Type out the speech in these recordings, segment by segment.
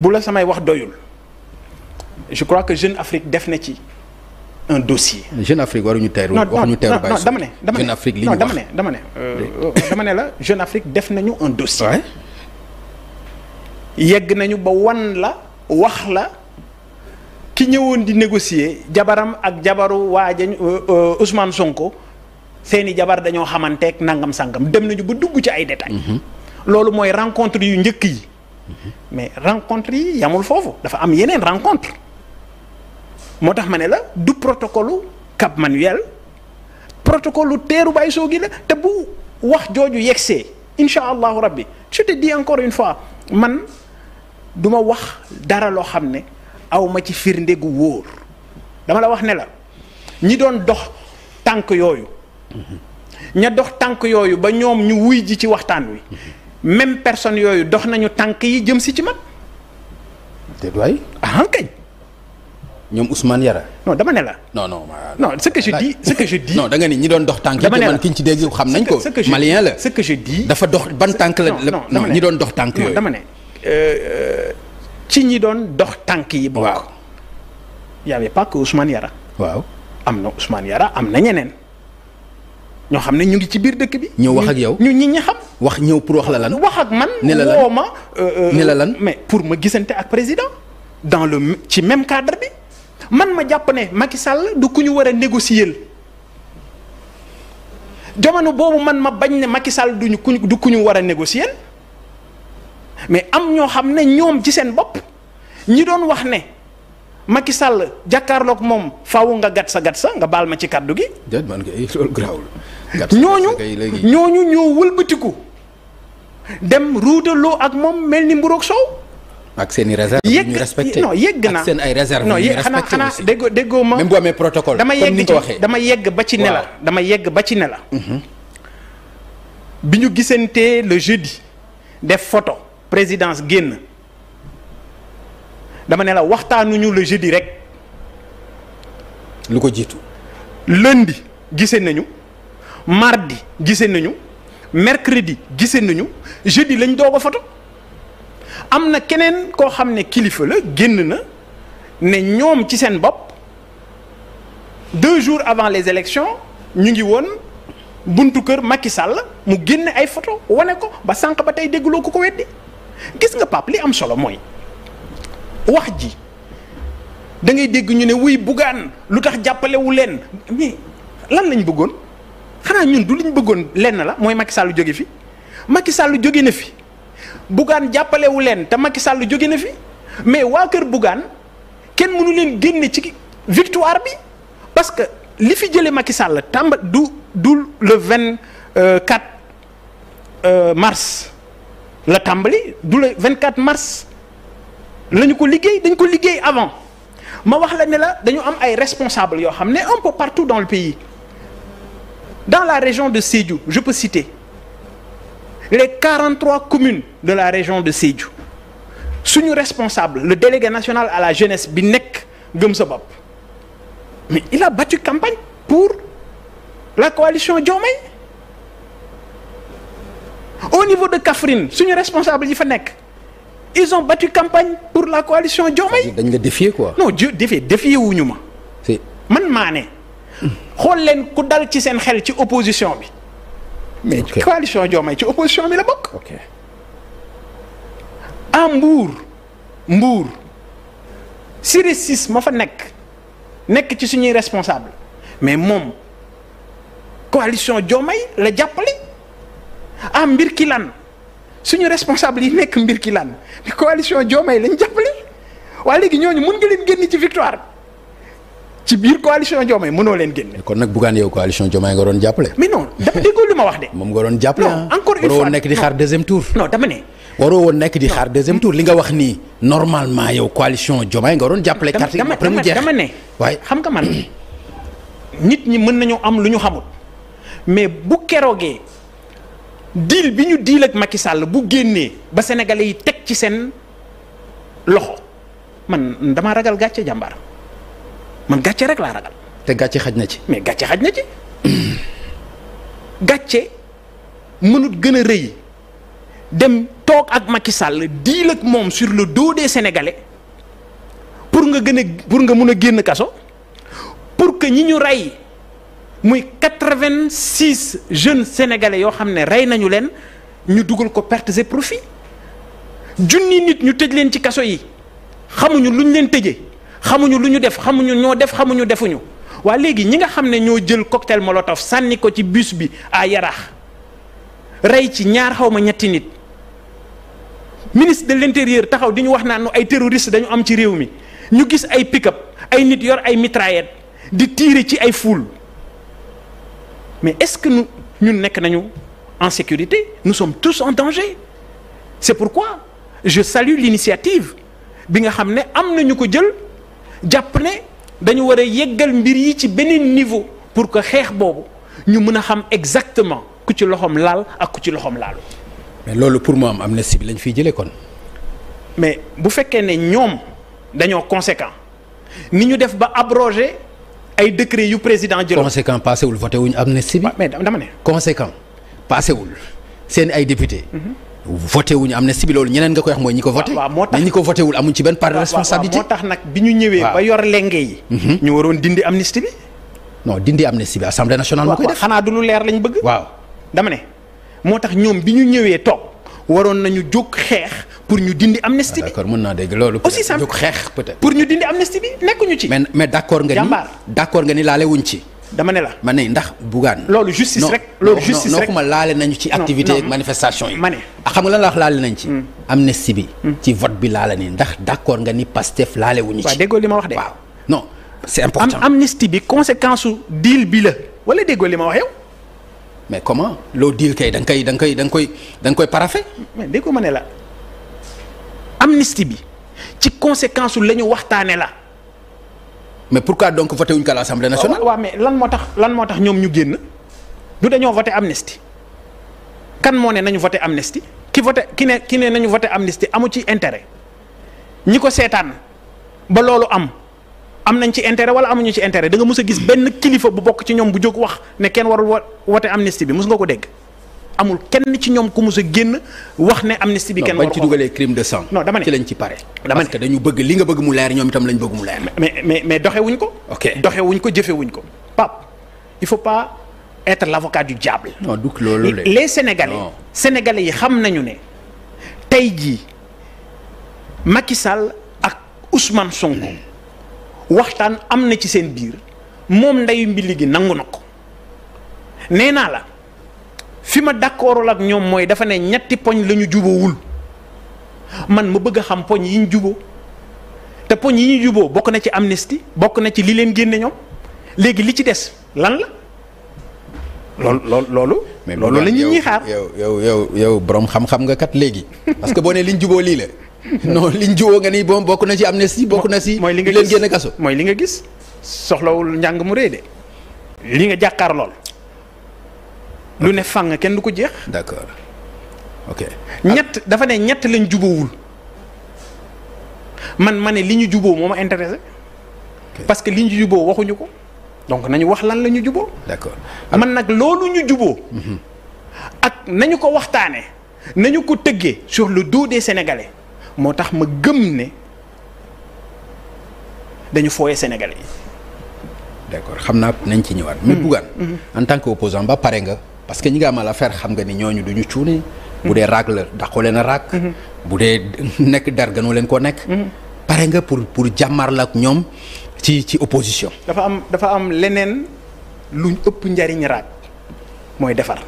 bu la samay wax doyul je crois que Jeune Afrique def na ci un dossier. Jeune Afrique waruñu teeru. waxuñu teeru bàyyi dama ne dama ne Jeune Afrique li ñu wax dama ne dama ne. Euh, euh, dama ne la Jeune Afrique def nañu un dossier. yegg nañu ba wan la wax la ki ñëwoon di négocier jabaram ak jabaru waaja euh, Ousmane Sonko seeni jabar dañoo xamanteeg nangam sangam dem nañu ba dugg ci ay détails. Mhm. loolu mooy rencontre yu njëkk yi. mais rencontre yi yamul foofu dafa am yeneen rencontre moo tax ma ne la du protocole Cap Manuel protocole lu teeru Baye Sogui la te bu wax jooju yegsee incha allahu rabbi je te dis encore une fois man duma wax dara loo xam ne awma ci firnde gu wóor dama la wax ne la ñi doon dox tànk yooyu ña dox tànk yooyu ba ñoom ñu wuy ji ci waxtaan wi même personne yooyu dox nañu tànk yi jëm si ci mag déet waay. ah kañ. ñoom Ousmane Yara. non dama ne la. non non non ce que je dis da nga ñi doon dox tànk yi. dama ne la man ki ñu ci dégg xam nañ ko. malien la dafa dox ban tànk la. non ñi doon dox tànk yooyu. dama ne euh, ci ñi doon dox tànk yi. bokk waaw y avait pas que Yara. waaw am na Ousmane Yara am na ñeneen. ñoo xam ne ñu ngi ci biir dëkk bi. ñëw wax ak yow ñu ñi ñi xam. wax ñëw pour wax la lan. wax ak man ne la lan woo ma. Euh, euh, ne la lan mais pour ma gisante ak président dans le ci même cadre bi man ma jàpp ne Macky Sall du ku ñu war a négocier jamono boobu man ma bañ ne Macky Sall duñu kuñ du ñu war a négocier mais am ñoo xam ne ñoom ci seen bopp ñi doon wax ne Macky Sall jàkkaarloog moom faaw nga gat sa gat sa nga baal ma ci kàddu gi. man kay loolu garaawul. ñooñu ñooñu ñoo wëlbatiku. dem ruutaloo ak moom mel ni mburoog soow. ak seeni i réserve yegg respecté non yegg seen ay réserve non yegg xanaa xanaa déggoo déggoo ma même bu amee protocole dama yegg ci dama ba ci ne la yegg ba ci ne mhm. bi ñu gisantee le jeudi def photo présidence génn dama ne la waxtaanuñu le jeudi rek lu ko jiitu lundi gise nañu mardi gise nañu mercredi gise nañu jeudi lañ doog a photo am na keneen koo xam ne kilifa la génn na ne ñoom ci seen bopp deux jours avant les élections ñu ngi woon buntu kër makki sàll mu génn ay photo wane ko ba sànq ba tey dégguloo ko ko weddi gis nga Pape li am solo mooy wax ji da ngay dégg ñu ne wuy buggaan lu tax jàppalewu leen mais lan lañ bëggoon. xanaa ñun du li ñu bëggoon lenn la mooy Macky Sall jóge fi Macky Sall jóge na fi Bougane jàppalewu leen te Macky Sall jóge na fi mais waa kër Bougane kenn mënu leen génne ci victoire bi parce que li fi jëlee Macky Sall tàmba du du le vingt quatre euh, mars la tàmbali du le vingt quatre mars lañu ko liggéey dañ ko liggéey avant ma wax la ne la dañu am ay responsable yoo xam ne un peu partout dans le pays dans la région de Sédhiou je peux citer les communes de la région de Sédhiou suñu responsable le délégué national à la jeunesse bi nekk gëm sa bopp mais il a battu campagne pour la coalition Diomaye au niveau de Kaffrine suñu responsable yi fa nekk ils ont battu campagne pour la coalition Diomaye. dañ la défier quoi. non défier défier wuñu ma. man maa ne. xool leen ku dal ci seen xel ci opposition bi. mais coalition Diomaye ci opposition bi la bokk. ok ah Mbour. Mbour. Siré Sis ma fa nekk. nekk ci suñuy responsable mais moom coalition Diomaye la jàppale ah Mbirkilane suñu responsable yi nekk mbir Mbirkilane coalition Diomaye lañ jàppale waaye léegi ñooñu mun nga leen génn ci victoire. ci biir coalition Diomaye mënoo leen génne. kon nag Bougane yow coalition Diomaye nga doon jàppale. mais non dama déggoo lu ma wax de. moom nga doon jàppale ah. encore dama ne. waroo woon nekk di xaar deuxième li nga wax nii normalement yow coalition Diomaye nga doon jàppale. carte yi après mu jeex dama ne waaye xam nga man. nit ñi mën nañoo am lu ñu xamul mais bu keroogee deal bi ñu deal ak Macky Sall bu génnee ba sénégalais yi teg ci seen loxo man dama ragal gàcce jàmbaar. man gàcce rek laa ragal. te gàcce xaj na ci. mais gàcce xaj na ci gàcce mënut gën a rëy dem toog ak Macky Sall diil ak moom sur le dos des sénégalais pour nga gën a pour nga mun a génn kaso pour que ñi ñu rey muy quatre-vingt-six jeunes sénégalais yoo xam ne rey nañu leen ñu dugal ko pertes et profits junni nit ñu tëj leen ci kaso yi xamuñu luñ leen tëjee. xamuñu lu ñu def xamuñu ñoo def xamuñu defuñu waa léegi ñi nga xam ne ñoo jël cocktail molotov sànni ko ci bus bi à Yarax rey ci ñaar xaw ma ñetti nit ministre de l'intérieur taxaw di ñu wax nu ay terroriste dañu am ci réew mi ñu gis ay pick-up ay nit yor ay mitraillette di tiire ci ay foule mais est-ce que ñun nekk nañu en sécurité nous sommes tous en danger c'est pourquoi je salue l'initiative bi nga xam ne am nañu ko jël. jàpp ne dañu war a yeggal mbir yi ci benn niveau pour que xeex boobu ñu mën a xam exactement ku ci loxoom laal ak ku ci loxoom laalu. mais loolu pour mu am am na bi lañ fiy jëlee kon. mais bu fekkee ne ñoom dañoo conséquent ni ñu def ba abroger ay décret yu président jël. conséquent passé wul voté wuñ amnistie bi. mais dama ne. conséquent passé wul seen ay député. Mm-hmm. voté wuñu amnistie bi loolu ñeneen nga koy wax mooy ñi ko voté waaw moo tax ñi ko voté wul amuñ ci benn part de responsabilité moo tax nag bi ñu ñëwee ba yor lenge yi mhm. ñu waroon dindi amnistie bi non dindi amnistie bi assemblée nationale moo koy def xanaa du lu leer lañ bëgg waaw dama ne moo tax ñoom bi ñu ñëwee toog waroon nañu jóg xeex pour ñu dindi amnistie bi ah, d'accord mën naa dégg loolu aussi simple jóg xeex peut-être pour ñu dindi amnistie bi nekkuñu ci mais mais d'accord nga ni d'accord nga ni laale ci dama ne la. ma ne ndax Bougane. loolu justice rek loolu justice rek non non laale nañu ci activité ak manifestation yi. ma ne ah, xam nga lan la wax laale nañ ci. Hmm. amnistie bi. Hmm. ci vote bi laale nañ ndax d' accord nga ni Pastef laale wuñu ci. waaw déggoo li ma wax de. waaw non c' est important. amnistie bi conséquence su deal bi la wala déggoo li ma wax yow. mais comment loo deal kay da koy da koy da koy da koy parafe. mais déggoo ma ne la amnistie bi ci conséquence su la ñu waxtaane la. mais pour pourquoi donc voté wuñ ko à l'Assemblée nationale. waaw mais lan moo tax moo tax ñoom ñu génn du dañoo voté amnistie kan moo ne nañu voté amnistie ki voté ki ne ki ne nañu voté amnistie amu ci intérêt ñi ko seetaan ba loolu am am nañ ci intérêt wala amuñu ci intérêt da nga mus a gis benn kilifa bu bokk ci ñoom bu jóg wax ne kenn warul wote amnistie bi mus nga ko dégg. amul kenn ci ñoom ku mus a génn wax ne amnistie bi. kenn waru ko bañ ci dugalee crime de sang. non dama ne ci lañ ci pare. dama ne dañu bëgg li nga bëgg mu leer ñoom itam lañ bëgg mu leer. mais mais mais doxewuñ ko. ok doxewuñ ko jëfewuñ ko. Pape il faut pas être l'avocat du diable. non du loolu la les sénégalais. Non. yi xam nañu ne tey jii Macky Sall ak Ousmane Sonko waxtaan am na ci seen biir moom ndeyu mbili gi nangu na ko nee naa la. fi ma d'accordul ak ñoom mooy dafa ne ñetti poñ la ñu jubawul man ma bëgg a xam poñ yi ñu juboo te poñ yi ñu juboo bokk na ci amnistie bokk na ci li leen génne ñoom léegi li ci des lan la loolu loolu loolu. loolu la ñuy xaar yow yow yow borom xam nga kat léegi parce que boo nee liñ juboo lii la non liñ nga ni bon bokk na ci amnistie bokk na si. mooy li nga gis leen génne kaso. mooy li nga gis soxlawul njàng mu rëy de. li nga jàkkaar lool. lu ne fang kenn du ko jeex. d'accord ok. ñett dafa ne ñett lañ jubawul man ma ne li ñu juba moo ma intéressé parce que li ñu jubóo waxuñu ko donc nañu wax lan la ñu jubóo. d'accord man nag loolu ñu jubóo. Mm-hmm. ak nañu ko waxtaanee nañu ko tëggee sur le dos de sénégalais moo tax ma gëm ne dañu fooyee sénégalais yi. d'accord xam naa nañ ci ñëwaat. mais mm-hmm. Bougane mm-hmm. en tant que opposant ba pare nga. parce que ñi nga amal affaire xam nga ni ñooñu du ñu cuune. bu dee raag la dàqoo leen a raag. bu dee nekk der gënu leen koo nekk. pare nga pour pour jàmmar la ak ñoom ci ci opposition. dafa am dafa am leneen luñ ëpp njariñ raag mooy defar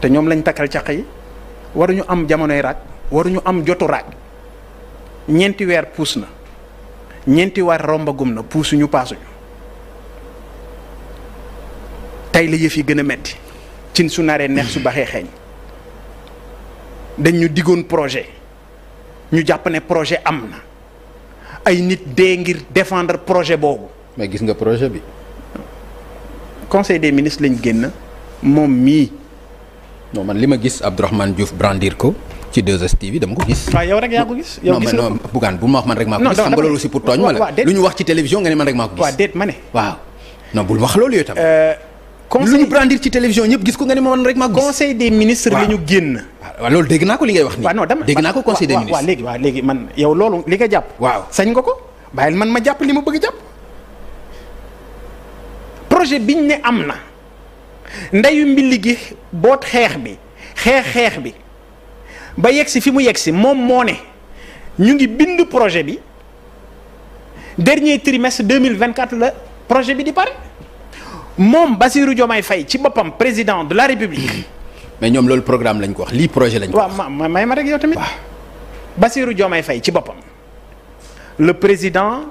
te ñoom lañ takkal caq yi waruñu am jamonoy raag waruñu am jotu raag ñeenti weer puus na ñeenti weer rombagum na puusuñu paasuñu. tey la yëf yi gën a metti cin su naree neex su baxee xeeñ dañ ñu diggoon projet ñu jàpp ne projet am na ay nit dee ngir defendre projet boobu. mais gis nga projet bi. conseil de ministres lañ génn moom mii. non man li ma gis Abdourahmane Diouf brandir ko ci 2STV dama ko gis. waaw ah, yow rek yaa ko gis. yow gis nga non Bougane bu ma wax man rek maa ko gis. xam nga loolu aussi pour tooñ ma lu ñu wax ci télévision nga ne man rek maa ko gis. waaw déet ma ne. waaw bul wax loolu yow conseil lu ñu brandir ci télévision ñëpp gis ko nga ni ma man rek ma gis. conseil des ministres la ñu génn. waaw loolu dégg naa ko li ngay wax nii. waaw non dama dégg naa ko conseil des ministres waaw léegi waaw loolu li nga jàpp. waaw sañ nga ko bàyyil man ma jàpp li ma bëgg jàpp. projet biñ ne am na ndeyu mbilli gi boot xeex bi xeex xeex bi ba yegg si fi mu yegg si moom moo ne ñu ngi bind projet bi dernier trimestre deux mille vingt quatre la projet bi di pare. moom Bassirou Diomaye fay ci boppam président de la République. mais ñoom loolu programme lañ ko wax lii projet lañ ko wax. waaw ma may ma rek yow tamit. Bassirou Diomaye Faye ci boppam. le président